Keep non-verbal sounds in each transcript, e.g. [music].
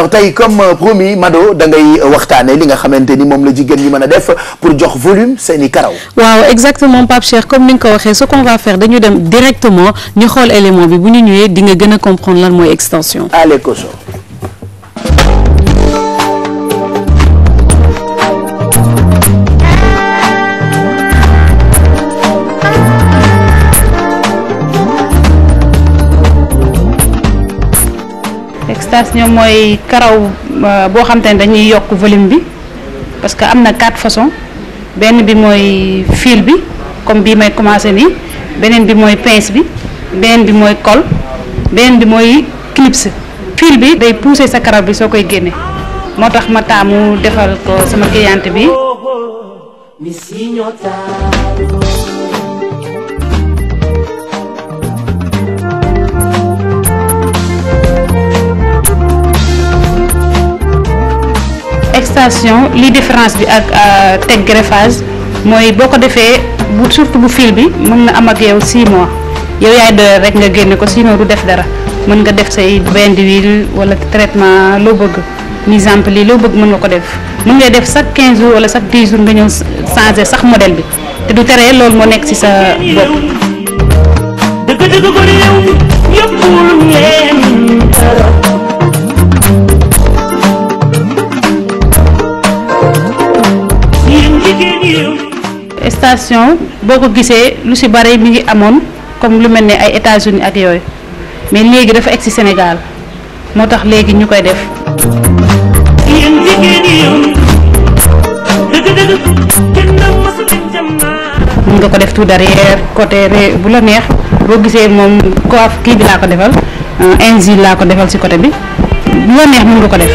alors tey comme euh, promis Mado da ngay euh, waxtaane li nga xamante ni moom la jigéen ñi mën a def pour jox volume seen i karaw. waaw exactement Pape Cheikh comme ni nga ko waxee ce qu'on va faire dañu dem directement ñu xool élément bi bu ñu ñëwee di nga gën a comprendre lan mooy extension. allez Koso. station mooy karaw euh, boo xam ne dañuy yokk volume bi parce que am na quatre façons benn bi mooy fil bi comme bii may commencé nii beneen bi mooy pince bi beneen bi mooy col beneen bi mooy clips fil bi day pousser sa karaw bi soo koy génne moo tax ma taamu defal ko sama cliente bi. fixation li différence bi ak euh, teg greffage mooy boo ko defee bu surtout bu fil bi mun na am ak yow 6 mois yow yaay doyal rek nga génne ko sinon du def dara mën nga def say bain d'huile wala traitement loo bëgg ni en pli loo bëgg mën nga ko def mën ngay def chaque 15 jours wala chaque 10 jours nga ñëw changer sax modèle bi te du teree loolu moo nekk ci sa bopp. manifestation boo ko gisee lu si bari mi ngi amoon comme lu mel ni ay États-Unis ak yooyu mais léegi dafa egg si Sénégal moo tax léegi ñu koy def. mun nga ko def tout derrière côté bu la neex boo gisee moom coiffe kii bi laa ko defal inzi laa ko defal si côté bi bu la neex mun nga ko def.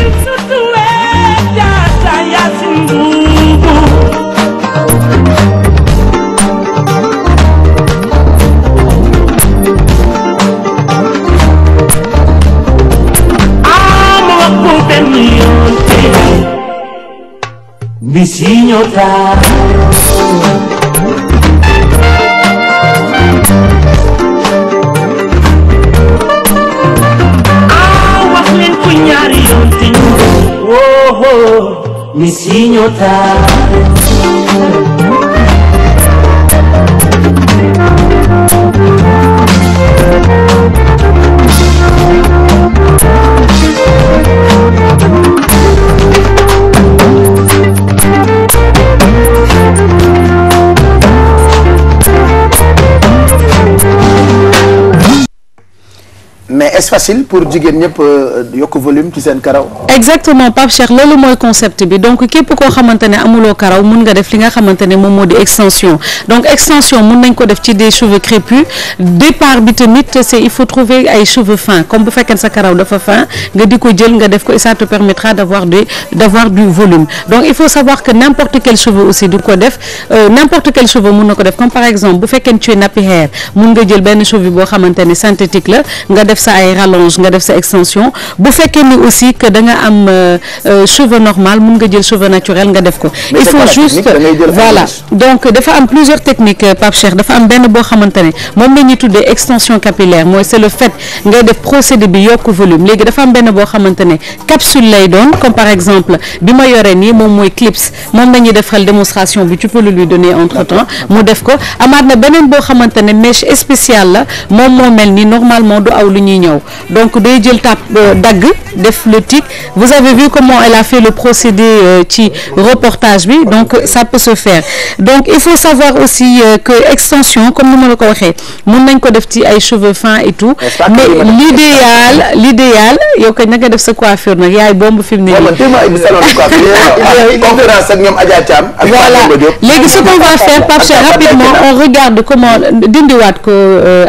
Bisiñota. Ah, wax leen ko ñaari yoon te ñu. Oh, oh, bisiñota. est-ce facile pour jigéen ñëpp euh, yokk volume ci seen karaw. exactement Pape Cheikh loolu mooy concept bi donc képp koo xamante amuloo karaw mun nga def li nga xamante moom moo di extension donc extension mun nañ ko def ci des cheveux crépus départ bi tamit c'est il faut trouver ay cheveux fins comme bu fekkee sa karaw dafa fin nga di ko jël nga def ko et ça te permettra du volume donc il faut savoir que n'importe quel cheveu aussi du ko def euh, n'importe ay rallonge nga def sa extension bu fekkee ni aussi que da nga am euh, euh, cheveux normal mun nga jël cheveux naturel nga def ko il faut juste voilà donc dafa am plusieurs techniques euh, Pape Cheikh dafa am benn boo xamante ne moom la ñuy tuddee extension capillaire mooy c'est le fait ngay def procédé bi yokk volume léegi dafa am benn boo xamante ne capsule lay doon comme par exemple bi ma yoree nii moom mooy clips moom la ñuy defal démonstration bi tu peux le lui donner entre mu def ko amaat na beneen ne mèche la moom moo mel ni ñëw donc day jël tap euh, dagg def le tic vous avez vu comment elle a fait le procédé euh, ci reportage bi donc ça peut se faire donc il faut savoir aussi euh, que extension comme ni ma la ko waxee mën nañ ko ci ay cheveux fins et tout mais l'idéal l'idéal yow kay na nga def sa coiffure nag yaay bomb fi mu ne [laughs] voilà léegi ce qu'on va faire Pape Cheikh rapidement on regarde comment dindiwaat ko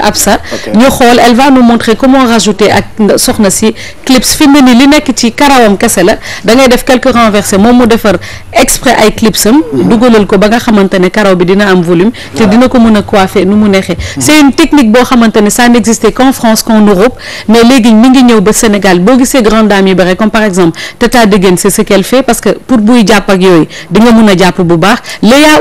Absa ñu xool elle va nous montrer comment ak soxna si clips fi mu ne li nekk ci karawam kese la da ngay def quelques renversé moom mu defar exprès ay clipsam mhm. dugalal ko ba nga xamante karaw bi dina am volume te dina ko mën a coiffer nu mu neexee mhm. c'est une technique boo xamante ne ça n'existait qu'en France qu'en Europe mais léegi mi ngi ñëw ba Sénégal boo gisee grande dame yi bare comme par exemple Tata Degen c'est ce qu'elle fait parce que pour buy jàpp ak yooyu di nga a jàpp bu baax Léa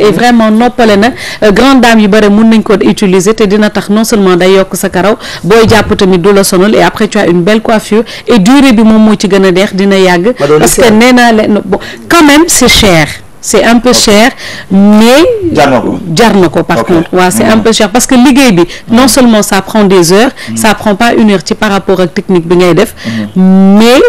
e vraiment noppale na euh, grande dame yu bëri mun nañ koo utiliser te dina tax non seulement day yokk sa karaw booy jàpp tamit du la sonal et après tu as une belle coiffure et durée bi moom moo ci gën a neex dina yàgg parce que nee naa leen bon quand même c'est cher c'est un peu okay. ko par okay. contre waaw hmm. parce que liggéey bi hmm. non seulement ça des heures mmh. une ci par rapport ak technique bi ngay def hmm. mais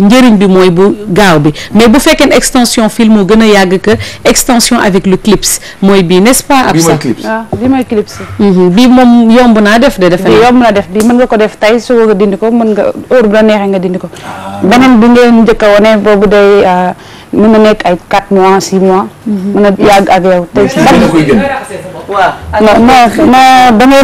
njëriñ bi mooy bu gaaw bi mais bu fekkee ne extension film moo gën a yàgg que extension avec le clips mooy bii nest ab sax bii moom yomb naa def de defe naa. bii yomb def bii mën nga ko def tey su ko dindi ko mën nga heure la neexee nga dindi ko. Ah. beneen bi ngeen njëkk a wane boobu day ah, mën na nekk ay 4 mois 6 mois. Mhm. mën na yàgg ak yow. tey si ban. waaw non non da ngay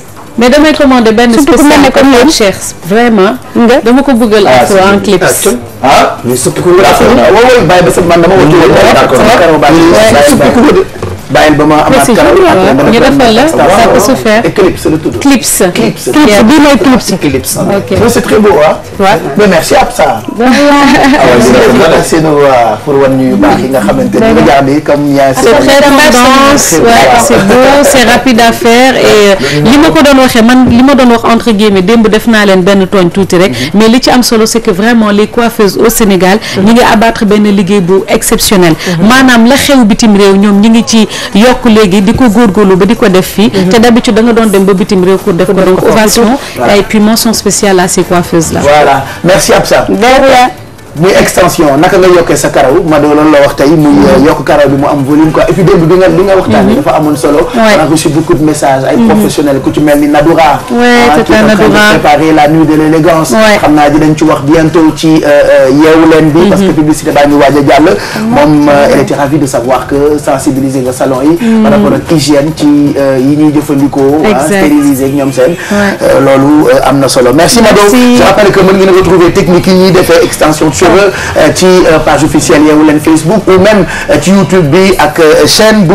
mais damay commander benn spécial comme yow Cheikh vraiment. nga dama ko bëggal ah, afro en clip. ah mais suppi ku nga. waaw waaw bàyyil ba ma amaat kanam euh, ñu defal la ça peut se faire Eclipse ah, [laughs] ah, euh, yi nga xamante ni regard yi comme yaa ah, c'est très dense ouais c'est beau c'est [laughs] euh, li ma ko doon waxee man li ma doon wax entre guillemets démb def naa leen benn tooñ tuuti rek mhm. mais li ci am solo c'est que vraiment les coiffeuses au Sénégal mhm. ñi ngi abattre benn liggéey bu exceptionnel mhm. maanaam la xew bitim réew ñoom ñi ngi ci yokk léegi di ko góorgóorlu ba di ko def fii mhm. te d'habitude da doon dem ba bitim réew pour def ko donc ovation et puis mention spéciale à ces coiffeuses là voilà merci Absa muy extension naka nga yokkee sa karaw Mado loolu la wax muy euh, mm-hmm. yokk karaw bi mu am volume quoi bi nga bi mm-hmm. dafa amoon solo. waay on a reçu beaucoup de messages. ay mm-hmm. professionnels ku ci mel ni Nadoura. waay tout à préparer la nuit de l' élégance. xam naa dinañ ci wax bientôt ci euh, euh, yeewu leen bi. parce que publicité baa ngi waaj a jàll. moom elle était ravie de savoir que sensibiliser nga salon yi. par rapport ak hygiène ci yi ñuy jëfandikoo. Ah, exact stériliser ak ñoom seen. loolu am na solo merci Mado. je rappelle que mën ngeen retrouver technique yi ñuy cheveux euh, ci euh, page officielle Yeewu Leen Facebook ou même euh, ci YouTube bi ak chaîne bu